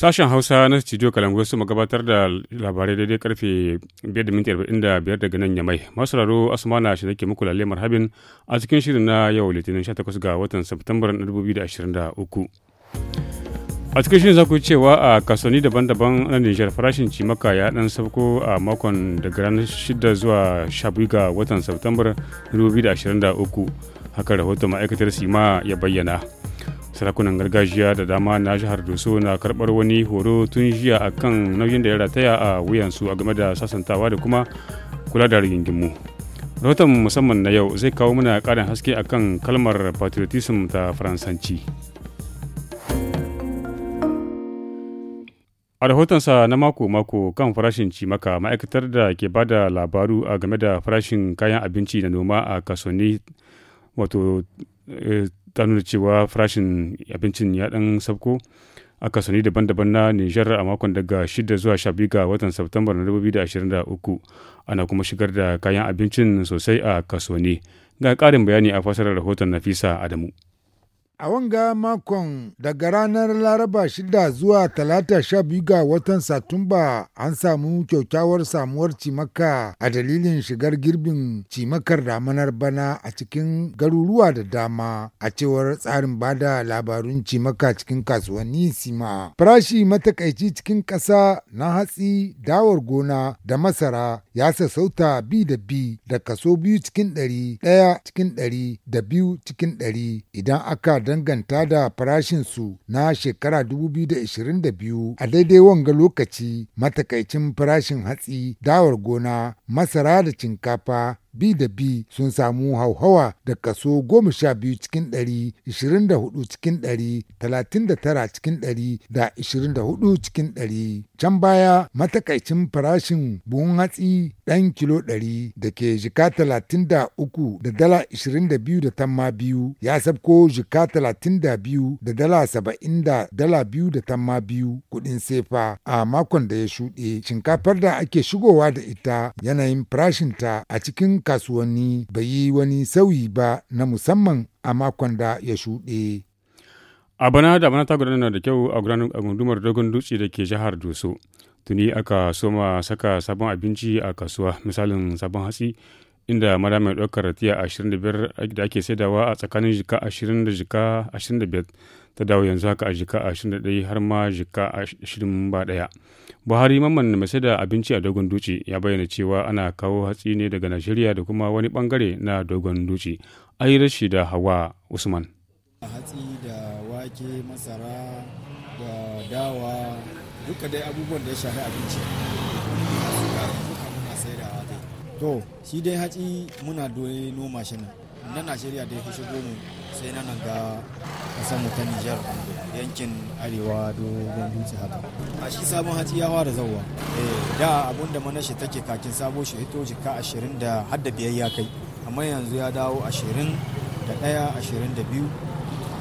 Sashen Hausa na Studio Kalangoy su gabatar da labarai daidai karfe 5.45 daga nan yamai. Masu raro Asmana shi nake muku lalle marhabin a cikin shirin na yau Litinin 18 ga watan Septambar 2023. A cikin shirin za ku cewa a kasoni daban-daban na Nijar farashin cimaka ya dan sauko a makon daga ranar 6 zuwa 12 ga watan Septambar 2023. Haka rahoton ma'aikatar Sima ya bayyana. sarakunan gargajiya da dama na jihar doso na karbar wani horo tun jiya a kan nauyin da ya rataya a wuyansu a game da sasantawa da kuma kula da rigingimu rahoton musamman na yau zai kawo mana karin haske a kan kalmar patriotism ta faransanci a rahotonsa na mako-mako kan farashin cimaka ma'aikatar da ke ba da labaru a game da farashin kayan abinci da noma a kasoni wato eh, ta nuna cewa farashin abincin ya dan sabko a sani daban-daban na Nijar a makon daga 6 zuwa 12 ga watan Satumbar na 2023 ana kuma shigar da kayan abincin sosai a kasuwanni. Ga ƙarin bayani a fasarar rahoton Nafisa Adamu. A wanga makon daga ranar Laraba shida zuwa talata sha biyu ga watan Satumba an samu kyaukyawar samuwar cimaka a dalilin shigar girbin cimakar damanar bana a cikin garuruwa da dama a cewar tsarin bada labarun cimaka cikin kasuwanni sima. Farashi matakaici cikin ƙasa na hatsi dawar gona da masara ya sassauta bi da bi da kaso biyu cikin ɗari ɗaya cikin ɗari da biyu cikin ɗari idan aka danganta da farashinsu na shekara 2022 a daidai wanga lokaci matakaicin farashin hatsi, dawar gona, masara da shinkafa bi da bi sun samu hauhawa da kaso goma sha biyu cikin ɗari, ishirin da hudu cikin ɗari, talatin da tara cikin ɗari da ishirin da hudu cikin ɗari. Can baya matakaicin farashin buhun hatsi ɗan kilo ɗari da ke jika talatin da uku da dala ishirin da biyu da tamma biyu ya sabko jika talatin da biyu da dala saba'in da dala biyu da tamma biyu kuɗin sefa a makon da ya shuɗe. Shinkafar da ake shigowa da ita yanayin farashinta a cikin an kasuwanni bai yi wani sauyi ba na musamman a makon da ya shuɗe. A bana da bana ta gudana da kyau a gundumar dogon dutse da ke jihar Doso. Tuni aka soma saka sabon abinci a kasuwa misalin sabon hatsi inda mada mai ɗaukar tiya 25 da ake saidawa a tsakanin jika 20 da jika 25 ta dawo yanzu haka a jika 21 har ma jika 20 ba ɗaya. Buhari mamman mai saida abinci a dogon duci ya bayyana cewa ana kawo hatsi ne daga Najeriya da kuma wani bangare na dogon duci. rashi da Hawa Usman. Hatsi da wake, masara da dawa duka dai abubuwan da ya shafi abinci. Duka muna saidawa. to shi dai hatsi muna doye noma shi nan na najeriya da ya shigo mu sai na nan ga kasar mu ta nijar yankin arewa dogon dutse haka a shi sabon hatsi ya fara zauwa eh, da abun da manashi take kakin sabo shi hito jika ashirin da har da ya kai amma yanzu ya dawo ashirin da ɗaya ashirin da biyu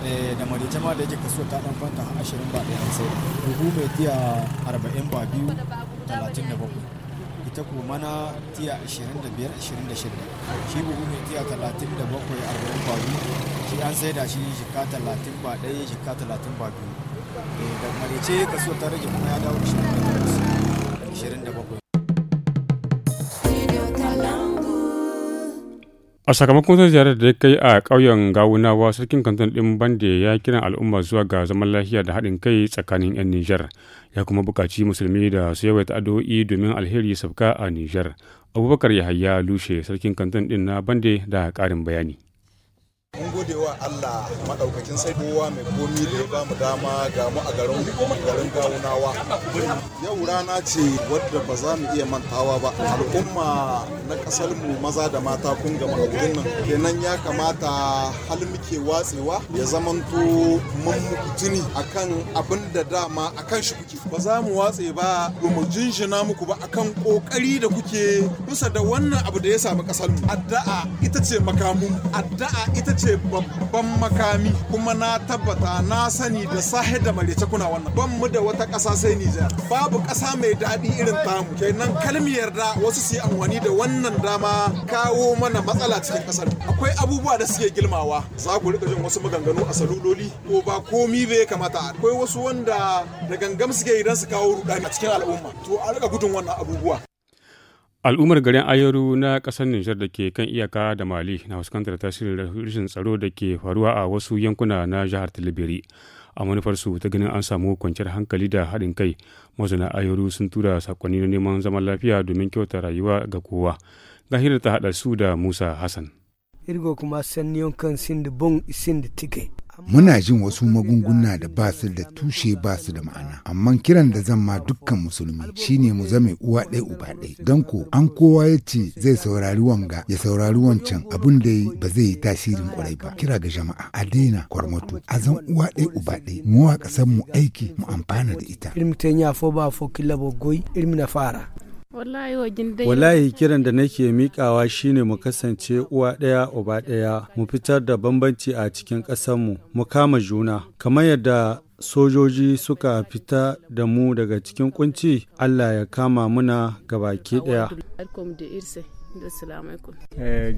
eh, da marice ma da yake kaso ta dan fanta ashirin ba ɗaya sai dubu mai tiya arba'in ba biyu talatin da bakwai fita kuma na tiya 25-26 shi buhu mai tiya 37-40 kwabi shi an sai da shi shika 30 ba ɗaya shika 30 ba biyu eh, da marice kasuwa ta rage kuma ya dawo 27 a sakamakon zai ziyarar da ya kai a ƙauyen gawunawa sarkin kantar ɗin bande ya kiran al'umma zuwa ga zaman lafiya da haɗin kai tsakanin 'yan nijar ya kuma buƙaci musulmi da su yawaita ta'adoi domin alheri sabka a nijar abubakar yahaya lushe sarkin kantar ɗin na bande da ƙarin bayani mun gode wa Allah maɗaukacin sai kowa mai komi da ya ba mu dama ga mu a garin garin gawunawa yau rana ce wadda ba za mu iya mantawa ba al'umma na ƙasar mu maza da mata kun gama a nan kenan ya kamata hal muke watsewa ya zamanto mun muku tuni akan abin da dama akan shi kuke ba za mu watse ba mu jinjina muku ba akan kokari da kuke bisa da wannan abu da ya samu ƙasar mu addu'a ita ce makamun addu'a ita ce babban makami kuma na tabbata na sani da sahi da marece kuna wannan ban mu da wata ƙasa sai Nijar babu ƙasa mai daɗi irin tamu kenan kalmi yarda wasu su yi amfani da wannan dama kawo mana matsala cikin ƙasar akwai abubuwa da suke girmawa za ku rika jin wasu maganganu a saluloli ko ba komi bai kamata akwai wasu wanda da gangam suke idan su kawo rudani a cikin al'umma to a rika gudun wannan abubuwa al'ummar garin ayoru na ƙasar nijar da ke kan iyaka da mali na fuskantar tasirin rashin tsaro da ke faruwa a wasu yankuna na jihar talibiri a manufarsu ta ganin an samu kwanciyar hankali da haɗin kai mazauna ayaru sun tura sakonni na neman zaman lafiya domin kyauta rayuwa ga kowa gahira ta haɗa su da musa hassan irgo kuma sanniyon kan sin da bon sin da muna jin wasu magunguna da ba su da tushe ba su da ma'ana amma kiran da zan ma dukkan musulmi shine mu zame uwa ɗaya uba ɗaya don ko an kowa ya ce zai saurari wanga ya saurari wancan abin da ba zai yi tasirin kwarai ba kira ga jama'a a daina kwarmato a zan uwa ɗaya uba ɗaya mu wa ƙasar mu aiki mu amfana da ita. Ilmi ta fo ba fo kila fara. Wallahi kiran da nake mikawa shine mu kasance uwa ɗaya uba ɗaya, mu fitar da bambanci a cikin ƙasarmu, mu kama juna, kamar yadda sojoji suka fita da mu daga cikin kunci, Allah ya kama muna gabaki ɗaya. Eh,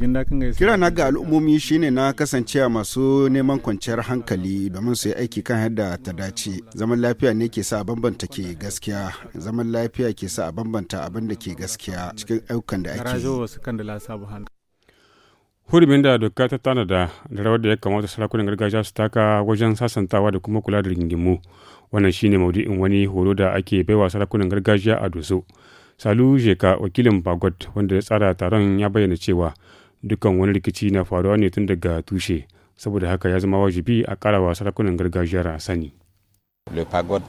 kira na ga al'ummomi shine na kasance a masu neman kwanciyar hankali domin su yi aiki kan yadda ta dace zaman lafiya ne ke sa a bambanta ke gaskiya zaman lafiya ke sa a bambanta abin da ke gaskiya cikin ayyukan da ake hurumin da doka ta tanada da rawar da ya kamata sarakunan gargajiya su taka wajen sasantawa da kuma kula da rigingimu wannan shine maudu'in wani horo da ake baiwa sarakunan gargajiya a doso Salu Jeka wakilin Bagot wanda ya tsara taron ya bayyana cewa dukkan wani rikici na faruwa ne tun daga tushe saboda haka ya zama wajibi a karawa sarakunan gargajiyar sani. Pagod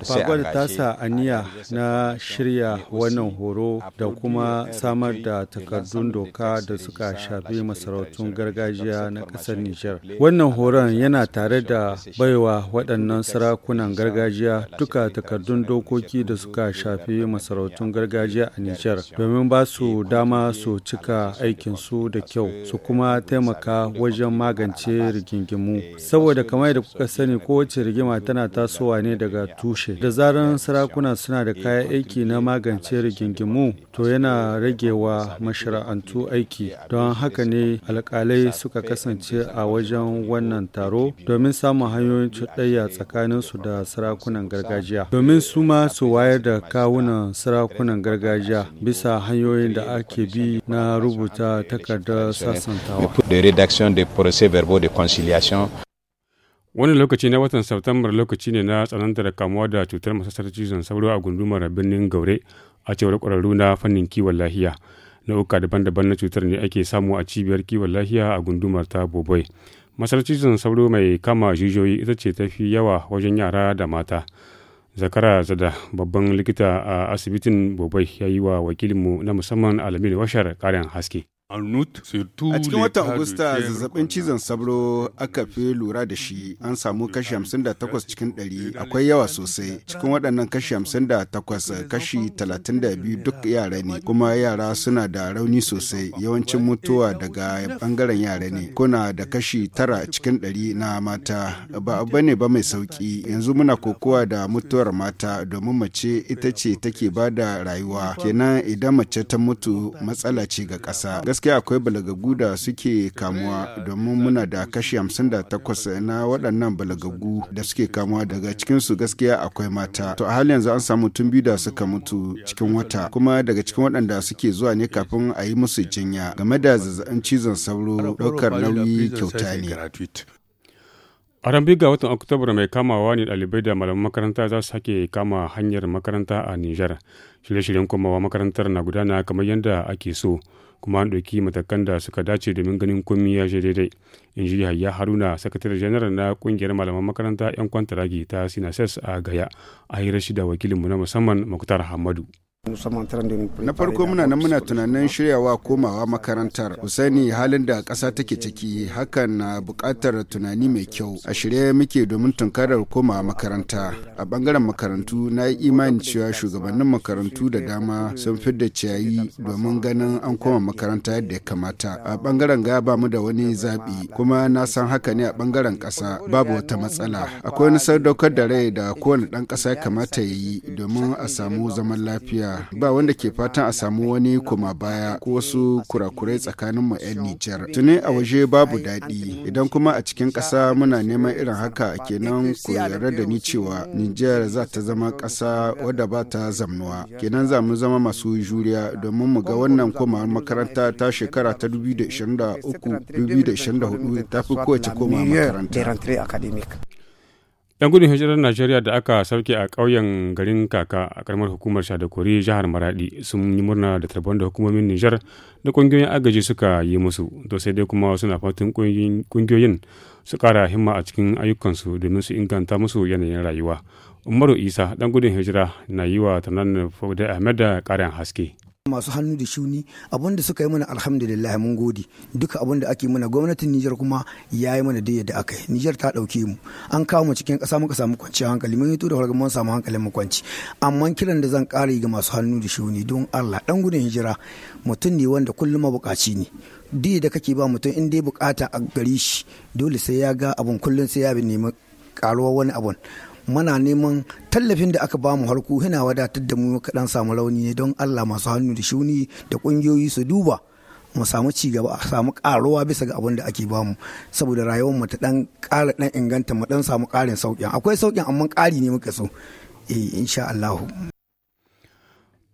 ta sa aniya na shirya wannan horo da kuma samar da takardun doka da suka shafi masarautun gargajiya na ƙasar Nijar. Wannan horon yana tare da baiwa waɗannan sarakunan gargajiya duka takardun dokoki da suka shafi masarautun gargajiya a Nijar domin ba su dama su cika aikinsu da kyau su kuma taimaka wajen magance rigingimu. Saboda kamar da kuka sani kowace rigima tana tasowa ne daga tushe da zarar sarakuna suna da kayan aiki na magance rigingimu to yana ragewa mashara'antu aiki don haka ne alkalai suka kasance a wajen wannan taro domin samun hanyoyin cuɗayya su da sarakunan gargajiya domin su ma su wayar da kawunan sarakunan gargajiya bisa hanyoyin da ake bi na rubuta takardar sasantawa. wani lokaci na watan Satumbar lokaci ne na tsanantar kamuwa da cutar masasar cizon sauro a gundumar birnin Gaure a cewar ƙwararru na fannin kiwon lahiya. Nau'uka daban-daban na cutar ne ake samu a cibiyar kiwon lahiya a gundumar ta Boboi. Masar cizon sauro mai kama jijiyoyi ita ce ta fi yawa wajen yara da mata. Zakara Zada babban likita a asibitin Boboi ya yi wa wakilinmu na musamman Alamin Washar karin haske. A cikin watan Agusta zazzabin cizon sabro aka fi lura da shi an samu kashi 58 cikin 100 akwai yawa sosai cikin waɗannan kashi 58 kashi 32 duk yara ne kuma yara suna da rauni sosai yawancin mutuwa daga bangaren yara ne kuna da kashi tara cikin 100 na mata ba abu ne ba mai sauki yanzu muna kokowa da mutuwar mata domin mace ita ce take ba da rayuwa kenan idan mace ta mutu matsala ce ga ƙasa gaske akwai balagagu da suke kamuwa domin muna da kashi 58 na waɗannan balagagu da suke kamuwa daga cikinsu gaskiya akwai mata to a halin yanzu an samu tun biyu da suka mutu cikin wata kuma daga cikin waɗanda suke zuwa ne kafin a yi musu jinya game da zazzabin cizon sauro ɗaukar nauyi kyauta ne A rambi ga watan Oktobar mai kamawa ne ɗalibai da malaman makaranta za su sake kama hanyar makaranta a Nijar. Shirye-shiryen komawa makarantar na gudana kamar yadda ake so. kuma an ɗauki matakan da suka dace domin ganin komi ya je daidai in ji yahaya haruna sakataren janaral na ƙungiyar malaman makaranta 'yan kwantaragi ta sinases a gaya a hira shi da wakilinmu na musamman muktar hamadu Na farko muna nan muna tunanin shiryawa komawa makarantar. Usaini halin da ƙasa take ciki hakan na buƙatar tunani mai kyau. A shirye muke domin tunkarar komawa makaranta. A ɓangaren makarantu na yi imani cewa shugabannin makarantu da dama sun fi da ciyayi domin ganin an koma makaranta yadda ya kamata. A ɓangaren ga ba mu da wani zaɓi kuma na san haka ne a ɓangaren ƙasa babu wata matsala. Akwai wani sadaukar da rai da kowane ɗan ƙasa ya kamata ya yi domin a samu zaman lafiya ba wanda ke fatan a samu wani koma baya ko wasu kurakurai tsakanin mu 'yan Nijar. Tuni a waje babu daɗi idan kuma a cikin ƙasa muna neman irin haka kenan ku yarda da ni cewa Nijar za ta zama ƙasa wadda ba ta zamnuwa. Kenan za mu zama masu juriya domin mu ga wannan koma makaranta ta shekara ta 2023-2024 ta fi kowace koma makaranta. 'Yan gudun hijirar Najeriya da aka sauke a ƙauyen garin Kaka a ƙaramar hukumar Shadakori jihar Maradi sun yi murna da tarbon da hukumomin Nijar da ƙungiyoyin agaji suka yi musu, to sai dai kuma suna fatan ƙungiyoyin su ƙara himma a cikin ayyukansu domin su inganta musu yanayin rayuwa. Umaru Isa ɗan gudun hijira na yi wa Tanan Fode Ahmed da ƙarin haske. masu hannu da shuni abin da suka yi mana alhamdulillah mun gode duka abin da ake mana gwamnatin Nijar kuma ya yi mana da yadda aka yi Nijar ta ɗauke mu an kawo mu cikin ƙasa muka samu kwanciyar hankali mun yi to da farko mun samu hankalin mu kwanci amma kiran da zan ƙara ga masu hannu da shuni don Allah dan gudun hijira mutum ne wanda kullum mabukaci ne duk da kake ba mutum in dai bukata a gari shi dole sai ya ga abun kullum sai ya nemi karuwar wani abun muna neman tallafin da aka bamu harko yana wadatar da mu kaɗan samu rauni ne don Allah masu hannu da shuni da ƙungiyoyi su duba mu samu ci gaba a samu ƙaruwa bisa ga abin da ake bamu saboda rayuwar mu ta dan ƙara dan inganta mu dan samu ƙarin sauƙi akwai sauƙin amma ƙari ne muka so eh insha Allah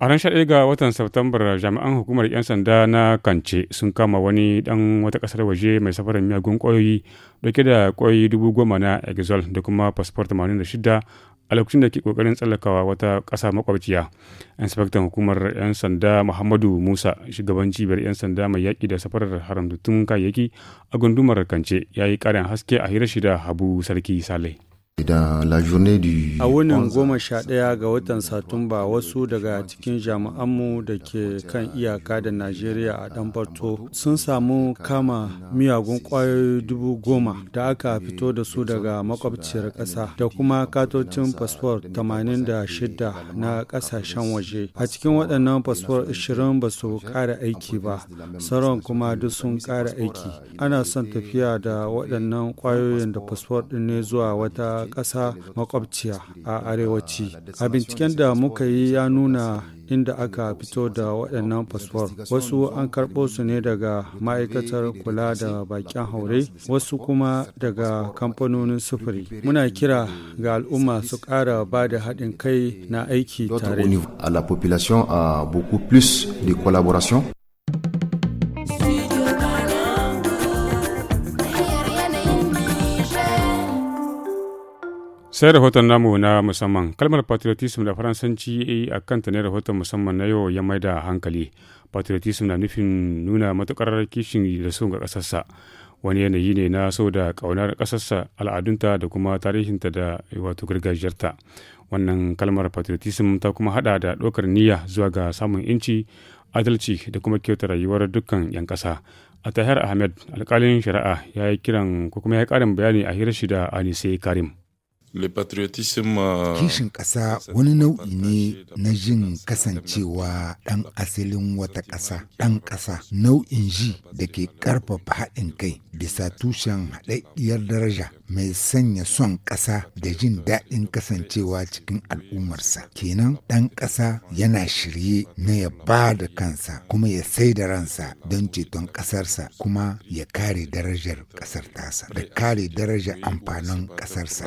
A ran shaɗe ga watan Satumbar jami'an hukumar 'yan sanda na Kance sun kama wani ɗan wata ƙasar waje mai safarar miyagun ƙwayoyi dauke da ƙwayoyi dubu goma na Exol da kuma fasfor 86 a lokacin da ke ƙoƙarin tsallakawa wata ƙasa makwabciya. Inspektan hukumar 'yan sanda Muhammadu Musa shugaban cibiyar 'yan sanda mai yaƙi da safarar haramtattun kayayyaki a gundumar Kance ya yi ƙarin haske a hirar shida Habu Sarki Saleh. Du... A wunin goma sha ɗaya ga watan Satumba wasu daga cikin jami'anmu da ke kan iyaka da Najeriya a Ɗanfarto sun samu kama miyagun ƙwayoyi dubu goma da aka fito da su daga makwabciyar ƙasa da kuma katocin fasfor 86 na ƙasashen waje. A cikin waɗannan fasfor 20 ba su ƙara aiki ba, sauran kuma duk sun ƙara aiki. Ana son tafiya da waɗannan ƙwayoyin da fasfor ɗin ne zuwa wata ƙasa makwabciya a arewaci. A binciken da muka yi ya nuna inda aka fito da waɗannan fasfor. Wasu an karɓo su ne daga ma'aikatar kula da bakin haure, wasu kuma daga kamfanonin sufuri. Muna kira ga al'umma su ƙara ba da haɗin kai na aiki tare. sai rahoton namu na musamman kalmar patriotism da faransanci a kanta ne rahoton musamman na yau ya mai da hankali patriotism na nufin nuna matukar kishin da sun ga kasarsa wani yanayi ne na so da ƙaunar ƙasarsa al'adunta da kuma tarihinta da wato gargajiyarta wannan kalmar patriotism ta kuma hada da ɗaukar niyya zuwa ga samun inci adalci da kuma kyauta rayuwar dukkan 'yan ƙasa a tahir ahmed alkalin shari'a ya yi kiran ko kuma ya yi ƙarin bayani a hirar shi da anise karim Euh, Kishin ƙasa wani nau'i ne na jin kasancewa ɗan asalin wata ƙasa, ɗan ƙasa nau'in ji da ke ƙarfafa haɗin kai bisa tushen haɗaɗɗiyar daraja mai sanya son ƙasa da jin daɗin kasancewa cikin al'ummarsa. Kenan ɗan ƙasa yana shirye na ya ba da kansa kuma ya sai da ransa don ceton ƙasarsa kuma ya kare darajar ƙasar tasa da kare darajar amfanin ƙasarsa.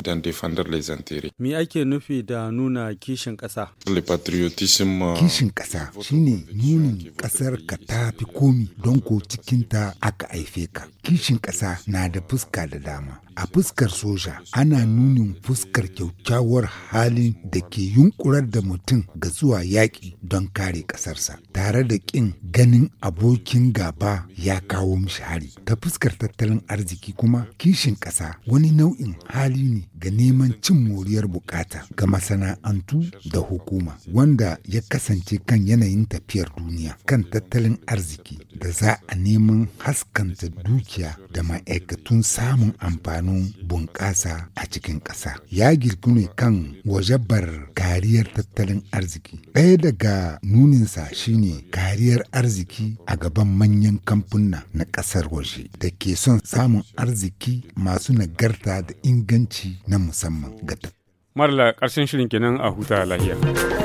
Me ake nufi da nuna kishin ƙasa? Kishin ƙasa shine nunin ƙasar ka ta fi komi don ko ta aka haife ka. Kishin ƙasa na da fuska da dama. A fuskar soja ana nunin fuskar kyaukyawar halin da ke yunkurar da mutum ga zuwa yaƙi don kare ƙasarsa tare da ƙin ganin abokin gaba ya kawo mishi hari. Ta fuskar tattalin arziki kuma kishin ƙasa wani nau'in hali ne ga neman neman cin moriyar bukata ga masana'antu da hukuma wanda ya kasance kan yanayin tafiyar duniya kan tattalin arziki da za a neman haskanta dukiya da ma'aikatun samun amfanin bunƙasa a cikin ƙasa. Ya girgu ne kan wajabar kariyar tattalin arziki. Ɗaya daga nuninsa shine kariyar arziki a gaban manyan kamfuna na ƙasar waje da ke son samun arziki masu nagarta da inganci na musamman ga Marla ƙarshen shirin kenan a huta lahiya.